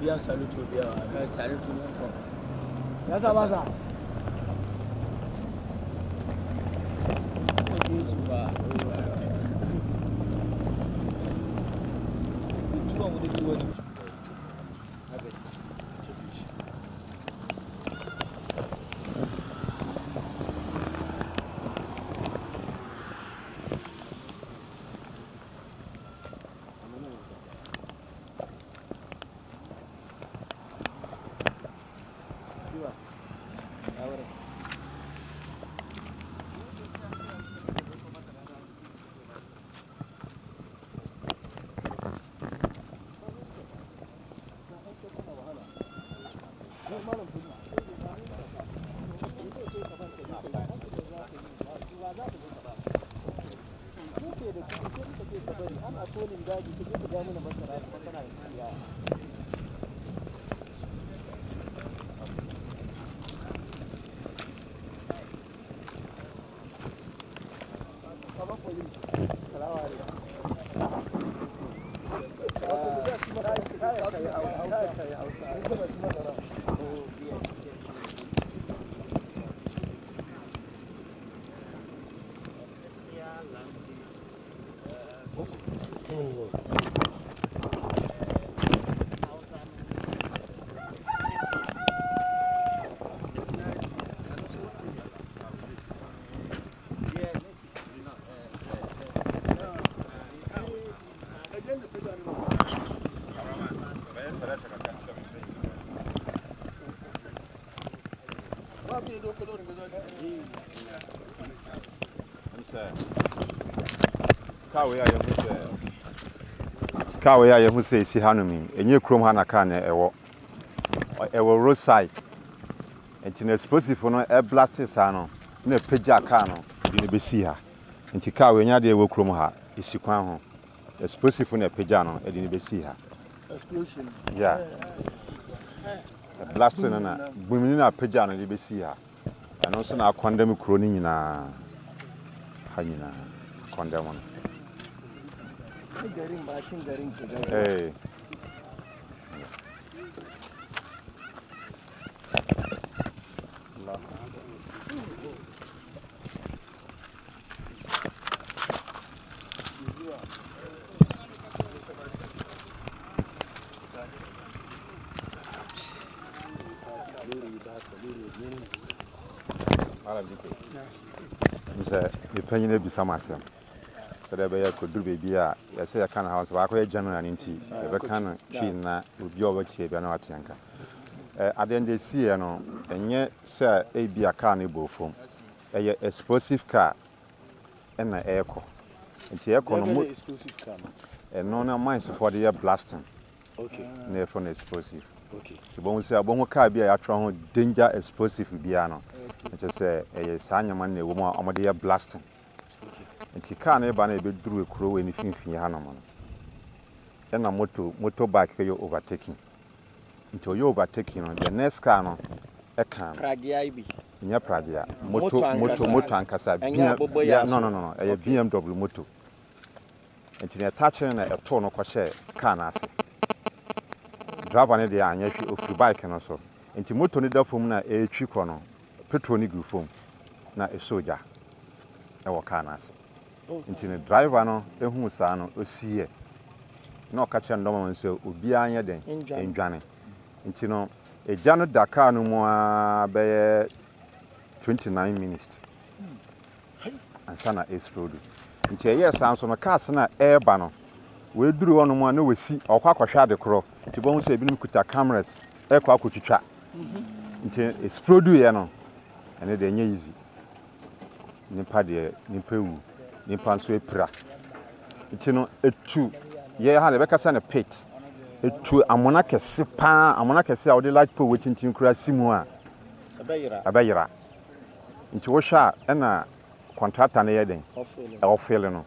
biyan saluto da yawa ka saluto ne ko ya sa ba sa Thank you. Gracias. Kawe wei a yɛhu sɛ kaa wei a yɛhu sɛ ɛsi hanom yi ɛnyɛ ha na kaa na ɛwɔ ɛwɔ roadside nti na explosive no ɛblaste e saa no na ɛpagya kaa no de no bɛsi ha nti kaa wei nyɛ adeɛ ɛwɔ kurom ha ɛsi kwan ho explosive e e na ɛpagya no ɛde no bɛsi ha yeah ɛblaste no na bumini na apagya no de bɛsi ha ɛno nso na akɔndɛm kuro no nyinaa ha nyinaa akɔndɛm no Bakin garin, bakin garin ke gaba. Eh. Bisa, ipenya bisa masam. sɛdeɛ ɛbɛyɛ kɔduru baabi a yɛsɛ yɛka no ha sɛ baakɔ yɛ general no nti ah, yɛbɛka no twi na obi a wɔbɛtie bia na wate nka adeɛ no ɛsiiɛ no ɛnyɛ sɛ ebi a car no bɔ fam ɛyɛ explosive car ɛna ɛrekɔ nti ɛrekɔ no mu ɛno na minefoɔ de yɛ blasting na yɛfrɛ no explosive tibɔhu sɛ abɔhu car bi a yɛatwerɛ ho danger explosive biara no ɛkyɛ sɛ ɛyɛ saa nyama no na ɛwɔ mu a wɔde yɛ blasting nti kaa no ba no ɛbɛduru kuro wɔ ne finfin hanom no ɛna moto moto bike yɛ overtaking nti ɔyɛ overtaking no the next car no ɛka no nyɛ pradea moto moto moto ankasa bia no no no ɛyɛ bmw moto nti na ɛtaakye no na ɛtoo no kɔhyɛ kaa no ase driver no deɛ anyɛ hwee ɔfiri bike no so nti moto no da fam na ɛretwi kɔ no petrol no gu fam na ɛsɔ gya ɛwɔ kaa no ase nti no driver no ɛhuu saa no ɔsiiɛ na ɔka kyerɛ ndɔma no sɛ obiara nyɛ den ndwane nti no egya no da kaa no mu a bɛyɛ 29 minutes ansa na ɛsirodu nti ɛyɛɛ saa nso no cars na a no wɔaduru hɔ no a na wɔsi ɔkɔ akɔhwɛ ade korɔ nti bɔhu sɛ ebinom kuta cameras ɛkɔ akɔtwitwa nti ɛsirodueɛ no ɛno deɛ ɛnyɛ easy nipa deɛ nipa ewu nipa nso apira nti no etu yɛ ha na ɛbɛkasa no pit etu amona kɛse paa amona kɛse a wɔde light pole wɔtintin kura si mu a ɛbɛyera nti wohwɛ a ɛna kɔntrata no yɛ den ɛwɔ fele no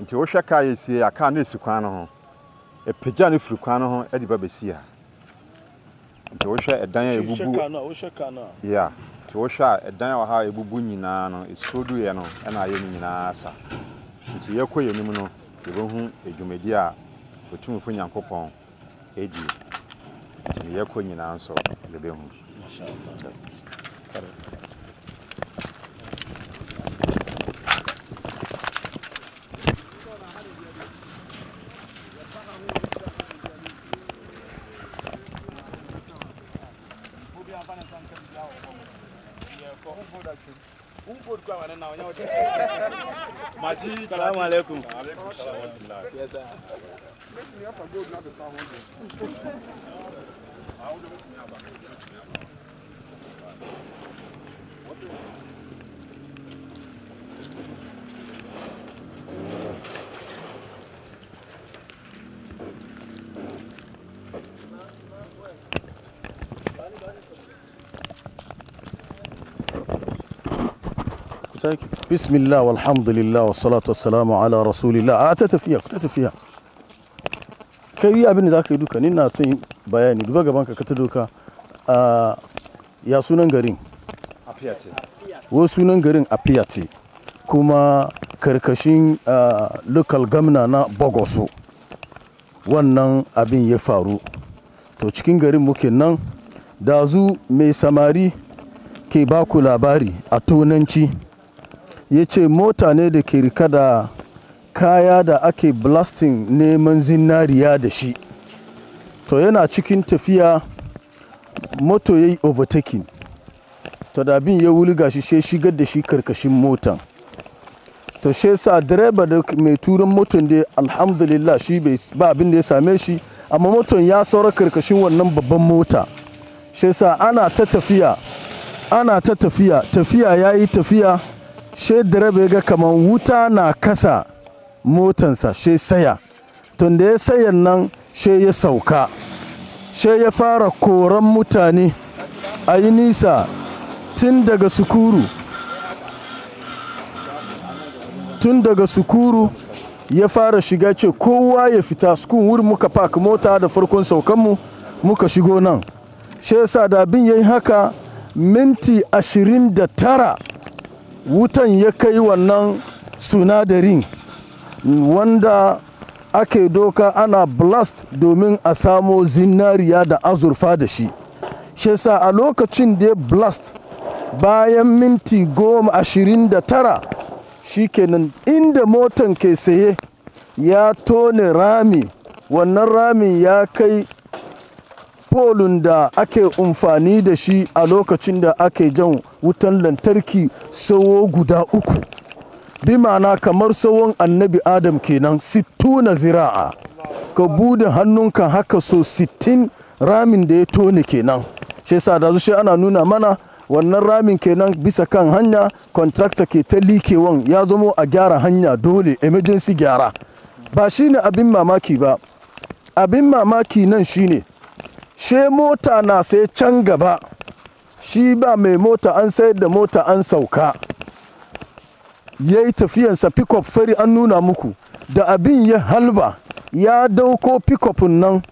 nti wohwɛ kaa yɛ sie a kaa no esi kwan no ho apagya no firi kwan no ho ɛde ba bɛsi ha nti wohwɛ ɛdan a ebubu wohwɛ kaa no a wohwɛ a yeah. nti wohwɛ a ɛdan wɔ ha a ɛbubu nyinaa no ɛsuro no ɛna ayɛ no nyinaa sa nti yɛkɔ yɛnim no yɛbɛhu dwumadi a ɔtumfo nyankopɔn ɛdi nti yɛkɔ nyinaa nso yɛbɛhu Aji, salam alaikum. Thank you. taki bismillah walhamdulillah wassalatu wassalamu ala rasulillah a ta tafiya ta tafiya kai yi abin da za ka yi duka ni na tun bayani duba gaban ka ta doka a ya sunan garin wasu sunan garin apiyate kuma karkashin local gamna na bogoso wannan abin ya faru to cikin garin muke nan dazu mai samari ke baku labari a tonanci ya ce mota ne da ke rika da kaya da ake blasting neman zinariya da shi to yana cikin tafiya moto ya yi overtaking to da bin ya wulga shi sai shigar da shi karkashin motan to shi sa direba da mai turin moton da alhamdulillah shi ba abin da ya same shi amma moton ya saura karkashin wannan babban mota shi sa ana ta tafiya ana ta tafiya tafiya ya yi tafiya she direba ga kaman wuta na kasa motansa she saya tun da ya sayan nan she ya sauka she ya fara koran mutane a yi nisa tun daga sukuru tun daga sukuru ya fara shiga ce kowa ya fita sukun wuri muka park mota da farkon saukanmu muka shigo nan shi sa da abin yayi haka minti ashirin da tara wutan ya kai wannan sunadarin wanda ake doka ana blast domin a samo zinariya da azurfa da shi shi sa a lokacin da ya blast bayan minti goma ashirin da tara shikenan inda motan ke saye ya tone rami wannan ramin ya kai polin da ake amfani da shi a lokacin da ake jan wutan lantarki sawo guda uku bi ma'ana kamar tsawon annabi adam kenan sittuna zira'a ka bude hannunka haka so sittin ramin da ya tone kenan shi yasa da shi ana nuna mana wannan ramin kenan bisa kan hanya kontrakta ke ta likewan ya zamo a gyara hanya dole emergency gyara ba shine abin mamaki ba abin mamaki nan shine ne she mota na sai can gaba shi ba mai mota an sayar da mota an sauka ya yi tafiyansa pickup fari an nuna muku da abin ya halba ya dauko pickupin nan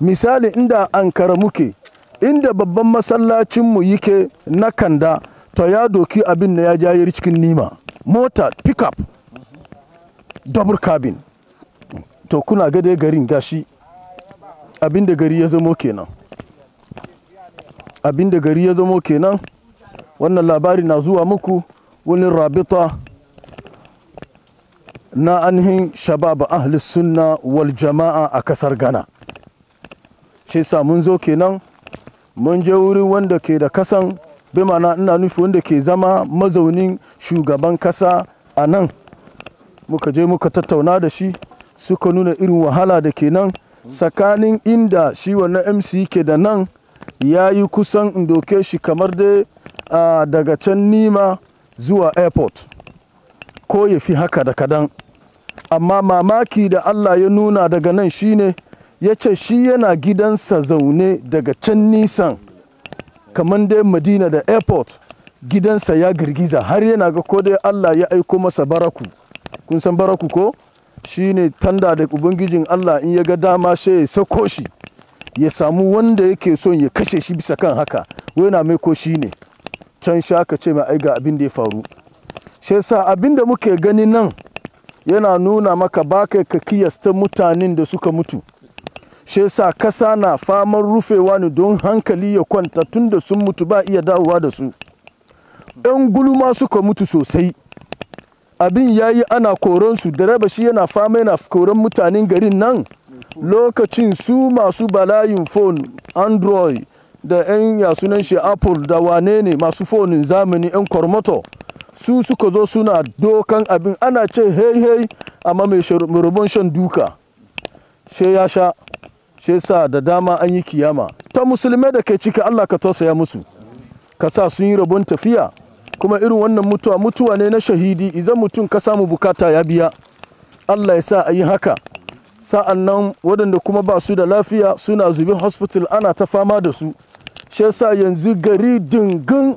misali inda ankara muke inda babban masallacinmu yake na kanda to ya doki abin da ya jayi cikin nima mota pickup double cabin to kuna gade garin gashi abin da gari ya zamo kenan abin da gari ya zamo kenan wannan labari na zuwa muku wani rabita na ainihin shababa ahli sunna wal jama'a a kasar ghana shi sa zo kenan mun je wuri wanda ke da kasan bi mana ina nufi wanda ke zama mazaunin shugaban kasa a nan muka je muka tattauna da shi suka nuna irin wahala da kenan. nan tsakanin inda shi wannan mc ke da nan ya yi kusan doke shi kamar dai daga can nima zuwa airport ko ya fi haka da kadan amma mamaki da allah ya nuna daga nan shine ya ce shi yana gidansa zaune daga can nisan kamar dai madina da airport gidansa ya girgiza har yana ga ko dai allah ya aiko masa baraku kun san baraku ko Shi ne tanda da ubangijin Allah in ya ga dama sai ya sako shi ya samu wanda yake son ya kashe shi bisa kan haka wai na mai ko shi ne can sha ka ce mai abin da ya faru shi yasa abin da muke gani nan yana nuna maka ba kai ka kiyasta mutanen da suka mutu shi yasa kasa na faman rufewa ne don hankali ya kwanta tun da sun mutu ba iya dawowa da su ɗan gulma suka mutu sosai abin ya yi ana koronsu direba shi yana fama yana koron mutanen garin nan lokacin su masu balayin phone android da 'yan yasunan shi apple da wane ne masu fonin zamani 'yan kormoto su suka zo suna dokan abin ana ce hei hei amma mai shan duka she ya sha she sa da dama an yi kiyama ta musulmai da ke cika allah ka tausaya musu ka sa sun yi rabon tafiya kuma irin wannan mutuwa mutuwa ne na shahidi idan mutum ka samu bukata ya biya allah ya sa a yi haka sa'an nan waɗanda kuma ba su da lafiya suna zubin hospital ana ta fama da su shi yasa yanzu gari dingin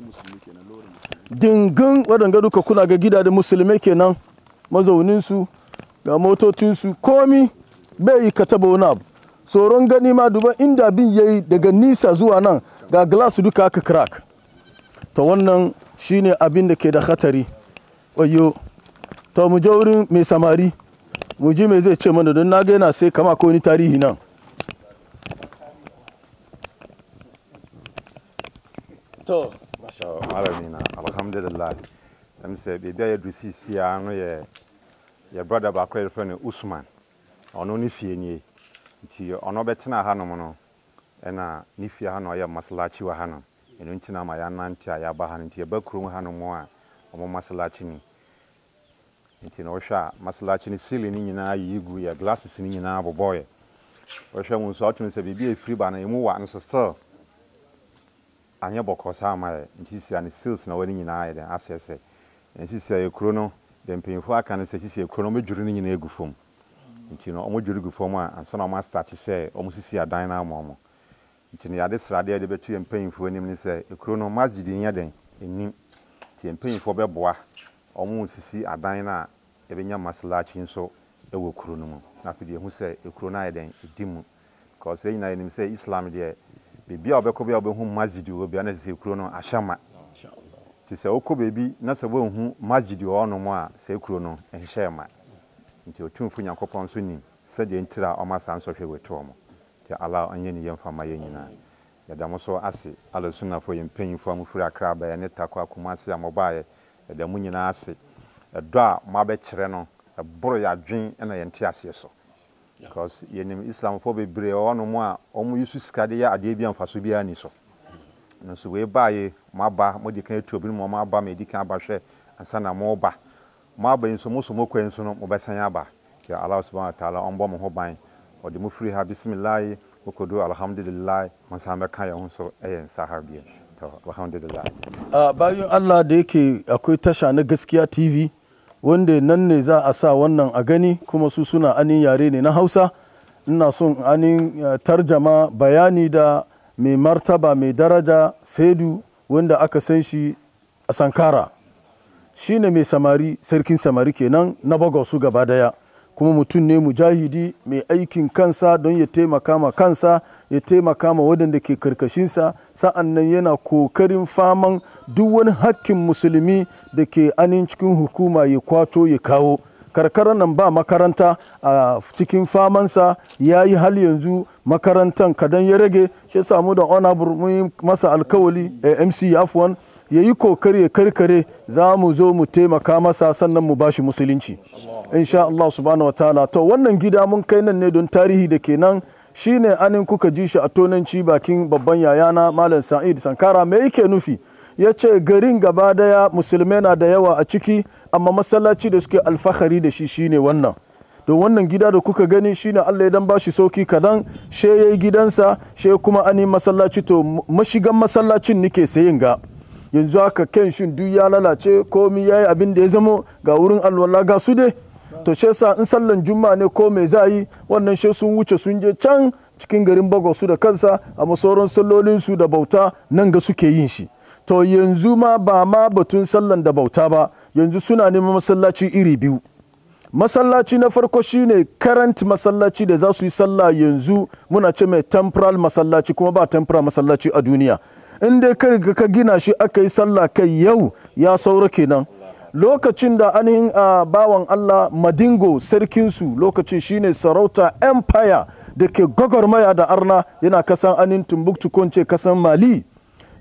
dingin waɗanda duka kuna ga gida da musulmai kenan mazauninsu ga motocinsu komi bai yi ka taba wani abu tsoron gani ma duba inda bin yayi daga nisa zuwa nan ga glass duka aka crack ta wannan shine abin da ke da hatari wayo to mu je wurin mai samari mu ji mai zai ce mana don na ga yana sai kama ko ni tarihi nan to masha malamina alhamdulillah am sɛ biribi a si siisia no ye ye brother ba ko yɛfrɛ no usman ono ni fie ni ti ono bɛtena ha no ɛna ni fie ha no ɔyɛ masalakyi wɔ hanom ɛno nti na ama yɛanante a yɛaba ha no nti yɛba kurom ha no mu a ɔmo masalakye ni nti na wɔhwɛ a masalakye no sili no nyinaa yiyi gu yɛ glasses no nyinaa bobɔɔyɛ wɔhwɛ mu nso atumi sɛ biribi a ɛfiri ba no ɛmu wa no so still anyɛ bɔkɔ saa ama yɛ nti sia no sils na wɔne nyinaa yɛ den asɛsɛ nti sia no deɛ mpanyinfoɔ aka no sɛ sisi yɛ kuro no ɔmo no nyinaa gu fam nti na ɔmo dwere gu fam a ansa na ɔmo asate sɛ ɔmo sisi adan no ama ɔmo nti ne yɛade sradeɛ de bɛtu yɛn mpanyimfoɔ anim ne sɛ ekuro no masjid nyɛ den enim nti yɛn mpanyimfoɔ bɛboa wɔn sisi adan no a yɛbɛnya masalakyi nso wɔ kuro no mu na afei deɛ ehu sɛ ekuro no ayɛ den edi mu kɔɔso yɛn nyinaa yɛnim sɛ islam deɛ beebi a wɔbɛkɔ bi a wɔbɛhu masjid wɔ bi na sɛ ekuro no ahyɛ ma nti sɛ wokɔ beebi na sɛ wɔnhu masjid wɔ hɔnom a sɛ ekuro no nhyɛ ma nti otumfo nyankopɔn nso nim sɛdeɛ ntira wɔn asan sɔhwɛ wɔ to wɔn nti ala ɔnyɛ ne yɛmfa ma yɛ nyinaa yɛda mo so ase alasunafo yɛ mpanyimfoɔ a mofiri akra bɛyɛ ne takɔ akoma ase a mɔbaeɛ yɛda mo nyinaa ase ɛdɔ a moabɛkyerɛ no ɛboro yɛ adwen na yɛnte aseɛ so because yɛnim islamfoɔ bebree ɔnom a ɔmo yi so sika de yɛ adeɛ bi a mfaso biara ni so mm. no so wei baeɛ moaba mode ka atu obinom ɔmo aba ma ɛdi ka aba hwɛ ansa na moba moaba yi nso moso mokɔ yi nso no mobɛsan aba yɛ allah subhana wa taala ɔmbɔ mo ho ban ɔde mu firi ha bisimilayi okodo alhamdulilayi masan bɛka yɛ ho so yɛ nsa ha bio bayan allah da yake akwai tasha na gaskiya tv wanda nan ne za a sa wannan a gani kuma su suna anin yare ne na hausa ina son anin eh, tarjama bayani da mai martaba mai daraja saidu wanda aka san shi a sankara shine mai samari sarkin samari kenan na bagosu gaba daya kuma mutum ne mujahidi mai aikin kansa don ya taimaka ma kansa ya taimaka ma waɗanda ke karkashinsa sa'an nan yana kokarin faman duk wani hakkin musulmi da ke anin cikin hukuma ya kwato ya kawo karkarar nan ba makaranta a cikin famansa ya yi hal yanzu makarantan kadan ya rage shi samu da honorable mun masa alkawali eh, mc afwan ya yi kokari ya karkare za mu zo mu taimaka masa sannan mu bashi musulunci insha Allah subhanahu wa ta'ala to wannan gida mun kai nan ne don tarihi da kenan shine anin kuka ji shi a tonanci bakin babban yayana malam sa'id sankara me yake nufi ya ce garin gaba daya musulmai na da yawa a ciki amma masallaci da suke alfahari da shi shine wannan don wannan gida da kuka gani shine Allah ya dan bashi sauki kadan she yayi gidansa she kuma anin masallaci to mashigan masallacin nike sayin ga yanzu haka shin duk ya lalace komi ya yi abin da ya zamo ga wurin alwala ga su dai to shi sa in sallan juma ne ko me za yi wannan shi sun wuce sun je can cikin garin bago su da kansa a masoron sallolin su da bauta nan ga suke yin shi to yanzu ma ba ma batun sallan da bauta ba yanzu suna neman masallaci iri biyu masallaci na farko shine current masallaci da za su yi sallah yanzu muna ce mai temporal masallaci kuma ba temporal masallaci a duniya in dai ka ka gina shi aka yi sallah kai yau ya saura kenan lokacin da ainihin a bawan Allah Madingo sarkinsu lokacin shine sarauta empire da ke gwagwarmaya da arna yana kasan anin Timbuktu ko ce kasan Mali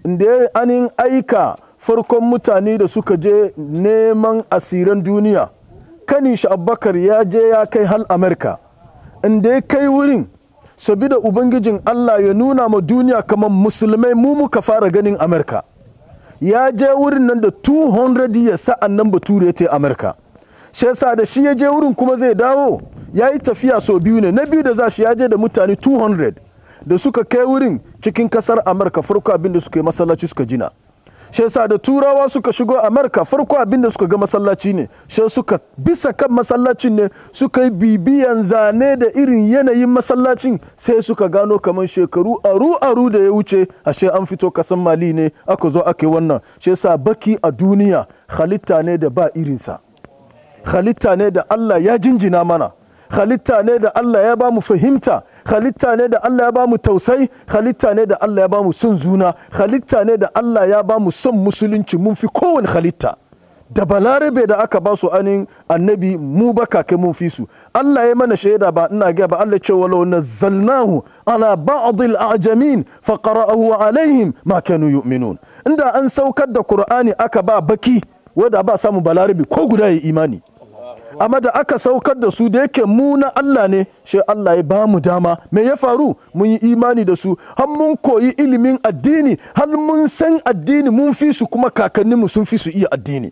inda anin aika farkon mutane da suka je neman asiran duniya kanin shi Abubakar ya je ya kai hal Amerika inda ya kai wurin sabida ubangijin Allah ya nuna ma duniya kamar musulmai mu muka fara ganin amurka ya je wurin nan da 200 ya sa'an nan bature ture ta Amerika shi yasa da shi ya je wurin kuma zai dawo ya yi tafiya sau biyu ne na biyu da za shi ya je da mutane 200 da suka kai wurin cikin kasar amurka farko abin da suka yi masallaci suka jina shi yasa da turawa suka shigo amurka farko abinda suka ga masallaci ne shi suka bisa kan masallacin ne suka yi bibiyan zane da irin yanayin masallacin sai suka gano kamar shekaru aru aru da ya wuce ashe an fito kasan mali ne aka zo ake wannan shi yasa baki a duniya halitta ne da ba irinsa halitta ne da allah ya jinjina mana halitta ne da Allah ya ba mu fahimta halitta ne da Allah ya ba mu tausayi halitta ne da Allah ya ba mu son zuna halitta ne da Allah ya ba mu son musulunci mun fi kowane halitta da balarabe da aka ba su anin annabi mu ba kake mun fi su Allah ya mana shaida ba ina ga ba Allah cewa law nazzalnahu ala ba'd al-a'jamin fa qara'ahu alaihim ma kanu yu'minun inda an saukar da Qur'ani aka ba baki wanda ba samu balarabe ko guda ya imani amma da aka saukar da su da yake mu na Allah ne shi Allah ya ba mu dama me ya faru mun yi imani da su har mun koyi ilimin addini har mun san addini mun fi su kuma kakanninmu sun fi su iya addini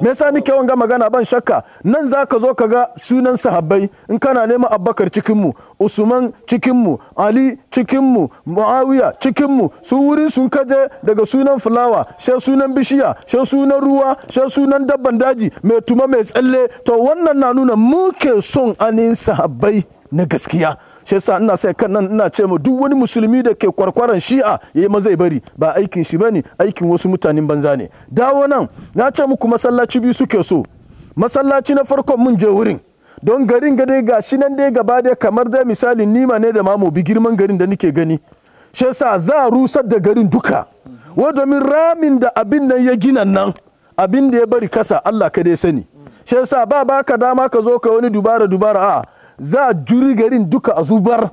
me yasa nike oh. wanga magana ban shakka nan za ka zo ka ga sunan sahabbai in kana neman Abubakar cikin mu Usman cikin mu Ali cikinmu mu Muawiya cikin mu su wurin sun kaje daga sunan fulawa sai sunan bishiya sai sunan ruwa sai sunan dabban daji mai tuma mai tsalle to wannan na nuna muke son anin sahabbai na gaskiya shi yasa ina sai kan nan ina ce ma duk wani musulmi da ke kwarkwaran shi'a yayi maza ya bari ba aikin shi bane aikin wasu mutanen banza ne dawo nan na ce muku masallaci biyu suke so masallaci na farkon mun je wurin don garin ga dai ga shi nan dai gaba dai kamar dai misalin nima ne da mamu bi girman garin da nake gani shi yasa za rusar da garin duka wa domin ramin da abin nan ya gina nan abin da ya bari kasa Allah ka dai sani shi yasa ba baka dama ka zo ka wani dubara dubara a za a juri garin duka a zubar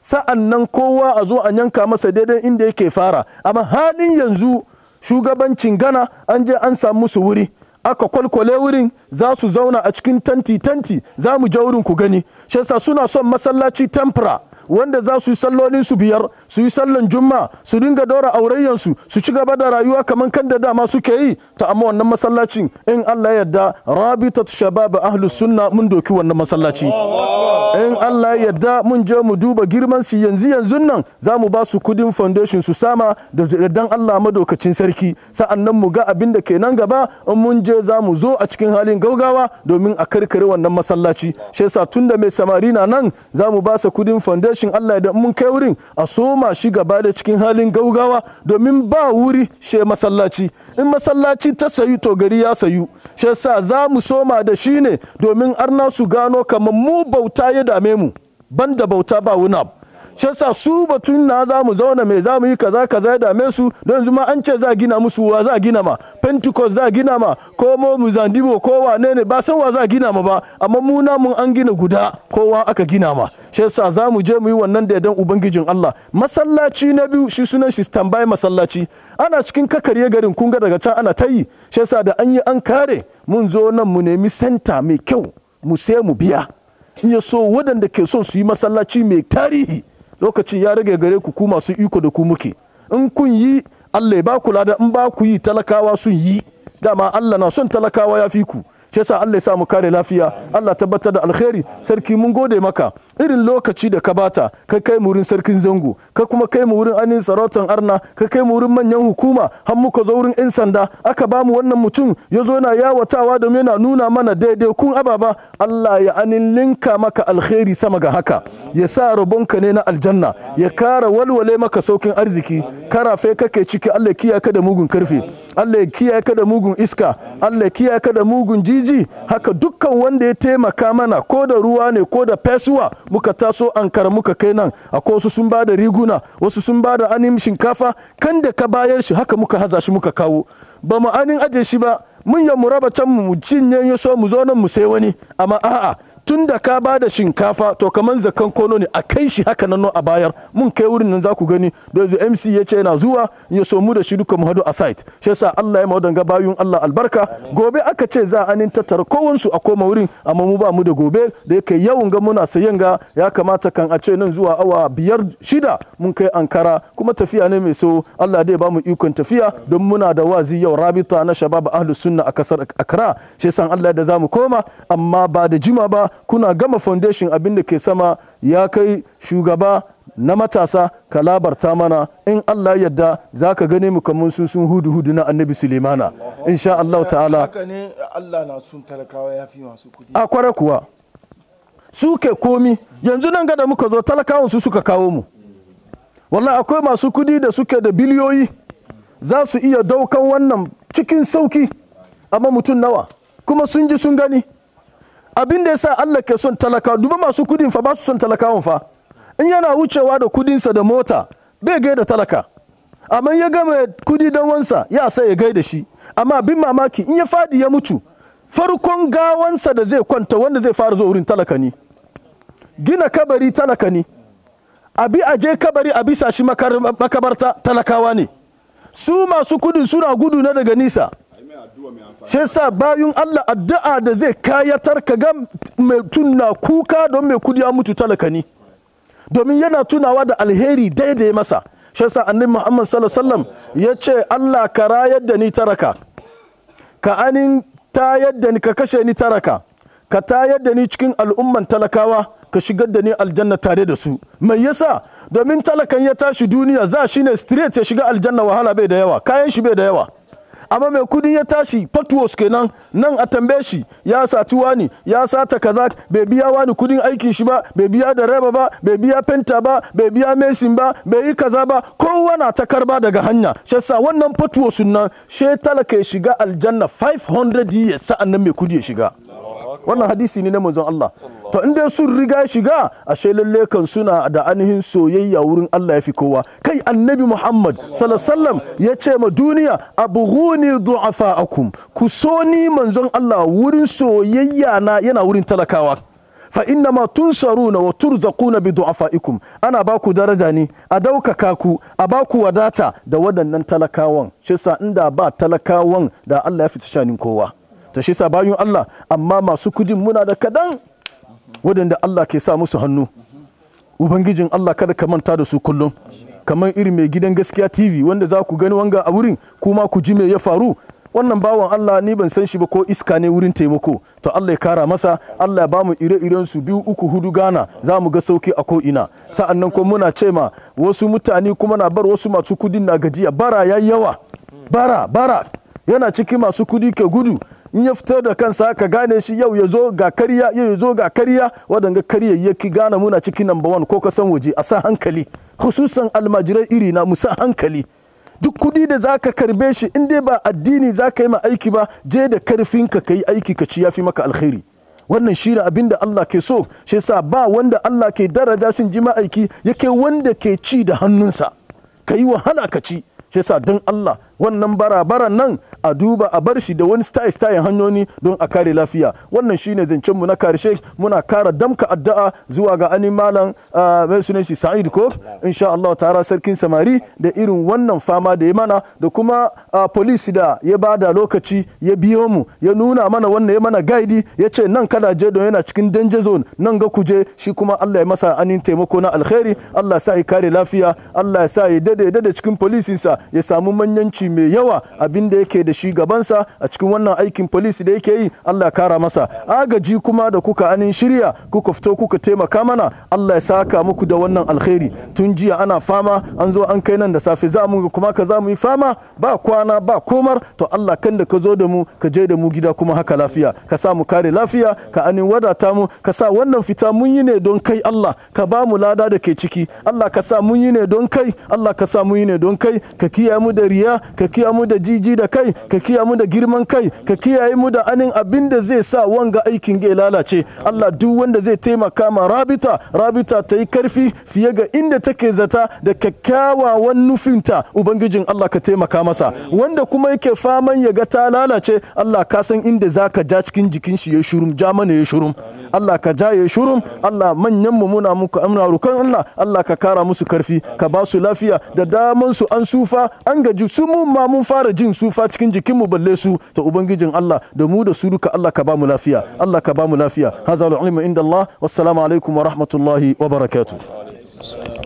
sa'an nan kowa a zo a yanka masa daidai inda yake fara amma halin yanzu shugabancin gana an je an samu su wuri aka kwalkwale wurin za su zauna a cikin tanti tanti za mu je wurin ku gani shi suna son masallaci tempura wanda za su yi sallolin su biyar su yi sallan juma su dinga daura aurayyan su su ci gaba da rayuwa kamar kan da dama suke yi ta amma wannan masallacin in Allah ya yarda rabitat shabab ahlus sunna mun doki wannan masallaci in Allah ya mun je mu duba girman su yanzu yanzu nan za mu ba su kudin foundation su sama da dan Allah madaukacin sarki sa'annan mu ga abin da ke nan gaba in mun je lalle za mu zo a cikin halin gaugawa domin a karkare wannan masallaci shi yasa tunda mai samari na nan za mu ba sa kudin foundation Allah da mun kai wurin a soma shi gaba da cikin halin gaugawa domin ba wuri shi masallaci in masallaci ta sayu to gari ya sayu shi yasa za mu soma da shi ne domin arna su gano kamar mu bauta ya dame mu banda bauta ba wuna shi yasa su batun na za mu zauna mai za mu yi kaza kaza ya dame su don zuma an ce za gina musu wa za gina ma pentecost za gina ma ko mo muzandibo ko wane ne ba san wa za gina ma ba amma mu mun an gina guda kowa aka gina ma shi za mu je mu yi wannan da dan ubangijin Allah masallaci na biyu shi sunan shi tambaye masallaci ana cikin kakarye garin kun ga daga can ana ta yi da an yi an kare mun zo nan mu nemi senta mai kyau mu sai mu biya in ya so waɗanda ke son su yi masallaci mai tarihi lokacin ya rage gare ku ku masu iko da ku muke in kun yi Allah ya ba ku lada in ba ku yi talakawa sun yi dama Allah na son talakawa ya fi ku shi yasa Allah ya sa mu kare lafiya Allah tabbatar da alkhairi sarki mun gode maka irin lokaci da ka bata ka kai mu wurin sarkin zango ka kuma kai mu wurin anin sarautan arna ka kai mu wurin manyan hukuma har muka zo wurin yan sanda aka ba mu wannan mutum ya zo yana yawatawa domin yana nuna mana daidai kun ababa Allah ya anin linka maka alkhairi sama ga haka ya sa rabonka ne na aljanna ya kara walwale maka saukin arziki karafe kake ciki Allah ya kiyaye ka da mugun karfe Allah ya kiyaye ka da mugun iska Allah ya kiyaye ka da mugun ji Ladiji haka dukkan wanda ya taimaka mana ko da ruwa ne ko da fesuwa muka taso ankara muka kai nan akwai wasu sun ba da riguna wasu sun ba da anin shinkafa kan da ka bayar shi haka muka haza shi muka kawo ba mu anin aje shi ba mun yi mu raba can mu cinye ya so mu zo nan mu sai wani amma a'a tun da ka ba da shinkafa to kamar zakan kono ne a kai shi haka nan a bayar mun kai wurin nan za ku gani da yanzu mc ya ce yana zuwa ya so mu da shi duka mu hadu a site shi yasa Allah ya mawadanga bayun Allah albarka gobe aka ce za a nin tattara kowansu a koma wurin amma mu ba mu da gobe da yake yawan ga muna sayen ga ya kamata kan a ce nan zuwa awa biyar shida mun kai Ankara kuma tafiya ne mai so Allah dai ba mu ikon tafiya don muna da wazi yau rabita na shabab ahlus sunna a kasar Accra shi yasa Allah da zamu koma amma ba da jima ba kuna gama foundation abin da ke sama ya kai shugaba na matasa kalabarta mana in Allah yadda za ka gane mu kamar sun sun hudu hudu na annabi Sulemana insha Allah ta'ala a kware kuwa su ke komi yanzu nan gada muka zo talakawan su suka kawo mu wallah akwai masu kudi da suke da biliyoyi za su iya daukan wannan cikin sauki amma mutum nawa kuma sun ji sun gani abin da ya sa Allah ke son talaka duba masu kudin fa ba su son talakawan fa in yana wucewa da kudinsa da mota bai gaida talaka amma ya gama kudi dan wansa ya sai ya gaida shi amma bin mamaki in ya fadi ya mutu farkon gawansa da zai kwanta wanda zai fara zuwa wurin talaka ne gina kabari talaka ne abi aje kabari a bisa shi makabarta talakawa ne su masu kudin suna gudu na daga nisa shi yasa bayun Allah addu'a da zai kayatar ka ga mai tunna kuka don mai kudi ya mutu talaka ne domin yana tunawa da alheri daidai masa shi yasa annabi Muhammad sallallahu alaihi wasallam ce Allah ka rayar da ni taraka ka anin tayar da ni ka kashe ni taraka ka tayar da ni cikin al'umman talakawa ka shigar da ni aljanna tare da su mai yasa domin talakan ya tashi duniya za shi ne straight ya shiga aljanna wahala bai da yawa kayan shi bai da yawa amma mai kudi ya tashi fatuwas kenan nan a tambaye shi ya saci wani ya sata kaza bai biya wani kudin aikin shi ba bai biya da raba ba bai biya penta ba bai biya mesin ba bai yi kaza ba kowa na ta karba daga hanya shasa wannan fatuwas nan she talaka ya shiga aljanna 500 years sa'an nan mai kudi ya shiga wannan hadisi ne na manzon Allah to in dai sun riga shiga ashe lalle kan suna da ainihin soyayya wurin Allah ya fi kowa kai annabi Muhammad sallallahu ya ce ma duniya abghuni du'afa'akum ku so ni manzon Allah wurin soyayya na yana wurin talakawa fa inna ma tunsaruna wa turzaquna bi du'afaikum ana ba ku daraja ne a daukaka ku a ba ku wadata da waɗannan talakawan shi sa inda ba talakawan da Allah ya fi shanin kowa ta shi sa bayun Allah amma masu kudin muna da kadan waɗanda Allah ke sa musu hannu ubangijin Allah kada ka manta da su kullum kamar irin mai gidan gaskiya TV wanda za ku gani wanga a wurin kuma ku ji mai ya faru wannan bawan Allah ni ban san shi ba ko iska ne wurin taimako to Allah ya kara masa Allah ya bamu ire-iren su biyu uku hudu gana za mu ga sauki a ko ina sa'annan kuma muna ce ma wasu mutane kuma na bar wasu masu kudin na gajiya bara yayi yawa bara bara yana ciki masu kudi ke gudu in ya fitar da kansa ka gane shi yau ya zo ga kariya yau ya zo ga kariya wadanga kariya ya ki gane muna cikin number one ko kasan waje a sa hankali khususan almajirai iri na musa hankali duk kudi da za ka karbe shi in dai ba addini za ka yi ma aiki ba je da karfinka ka yi aiki ka ci ya fi maka alkhairi wannan shine abin da Allah ke so shi yasa ba wanda Allah ke daraja sun ji ma aiki yake wanda ke ci da hannunsa ka yi wahala ka ci shi yasa don Allah wannan barabaran nan a duba a bar shi da wani style style hanyoyi don a kare lafiya wannan shine zancen mu na karshe muna kara damka addu'a zuwa ga anin malam ah, mai sunan shi Sa'id kof insha Allah ta'ala sarkin samari da irin wannan fama da ya mana da kuma ah, police da ya bada lokaci ya biyo mu ya nuna mana wannan ya mana guide ya ce nan kada je don yana cikin danger zone nan ga kuje shi kuma Allah ya masa anin taimako na alkhairi Allah ya sa ya kare lafiya Allah ya sa ya dade dade cikin policinsa ya samu manyanci mai yawa abin da yake da shi gabansa a cikin wannan aikin polisi da yake yi Allah kara masa agaji kuma da kuka anin shirya kuka fito kuka taimaka mana Allah ya saka muku da wannan alheri tun jiya ana fama an zo an kai nan da safe za mu kuma ka za mu yi fama ba kwana ba komar to Allah kanda ka zo da mu ka je da mu gida kuma haka lafiya ka sa mu kare lafiya ka anin wadata mu ka sa wannan fita mun yi ne don kai Allah ka ba mu lada da ke ciki Allah ka sa mun yi ne don kai Allah ka sa mun yi ne don kai ka kiyaye mu da riya ka kiya mu da jiji da kai ka kiya mu da girman kai ka kiyaye mu da anin abin da zai sa wanga aikin ga lalace Allah duk wanda zai taimaka ma rabita rabita ta yi karfi fiye ga inda take zata da kyakkyawawan nufinta ubangijin Allah ka taimaka masa wanda kuma yake faman ya ga ta lalace Allah ka san inda zaka ja cikin jikin shi ya shurum ja mana ya shurum Allah ka ja ya shurum Allah manyan mu muna muku amna rukan Allah Allah ka kara musu karfi ka ba su lafiya da daman su an sufa an gaji su mu mun ma mun fara jin fa cikin jikinmu balle su ta ubangijin Allah da mu da su duka Allah ka bamu lafiya Allah ka bamu lafiya hazal ilmu inda Allah wassalamu alaikum wa rahmatullahi wa barakatuh